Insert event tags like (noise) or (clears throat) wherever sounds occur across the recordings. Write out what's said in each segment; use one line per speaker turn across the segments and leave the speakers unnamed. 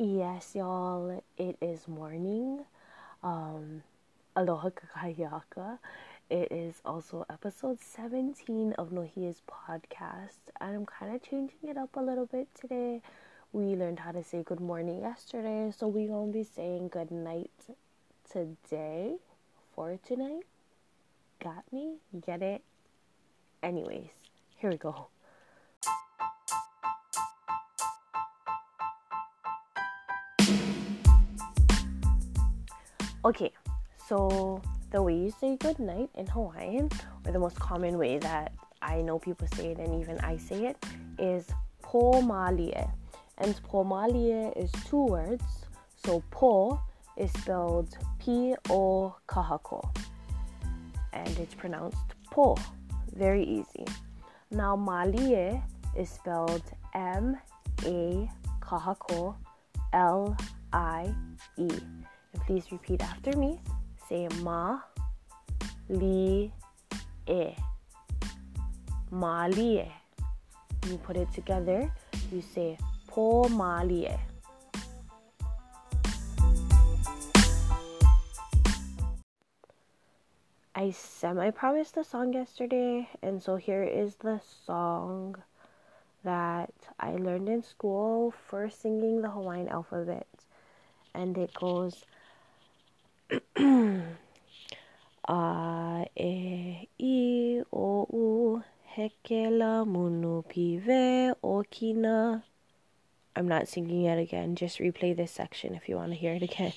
Yes, y'all, it is morning. Um, aloha kakayaka. It is also episode 17 of Nohia's podcast, and I'm kind of changing it up a little bit today. We learned how to say good morning yesterday, so we're gonna be saying good night today for tonight. Got me? You Get it? Anyways, here we go. Okay, so the way you say good night in Hawaiian, or the most common way that I know people say it and even I say it, is po malie. And po malie is two words. So po is spelled P O kahako. And it's pronounced po. Very easy. Now malie is spelled M A kahako L I E and please repeat after me. Say ma li e. Ma li e. You put it together. You say po ma li e. I semi promised the song yesterday, and so here is the song that I learned in school for singing the Hawaiian alphabet. And it goes (clears throat) a e i o u hekela munu pive okina I'm not singing it again. Just replay this section if you want to hear it again.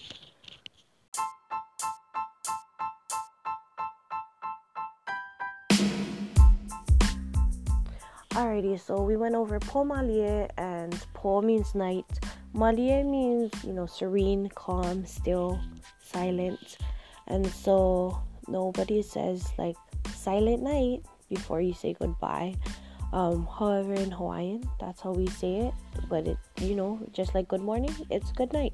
Alrighty, so we went over Pomalie and and Paul means night. Malia means, you know, serene, calm, still, silent. And so nobody says like silent night before you say goodbye. Um, however, in Hawaiian, that's how we say it. But it, you know, just like good morning, it's good night.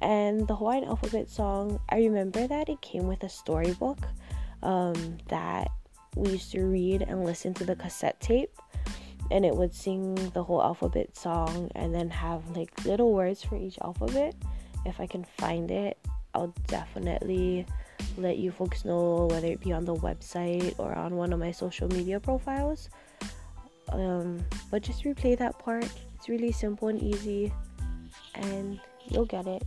And the Hawaiian alphabet song, I remember that it came with a storybook um, that we used to read and listen to the cassette tape and it would sing the whole alphabet song and then have like little words for each alphabet. If I can find it, I'll definitely let you folks know whether it be on the website or on one of my social media profiles. Um, but just replay that part, it's really simple and easy, and you'll get it.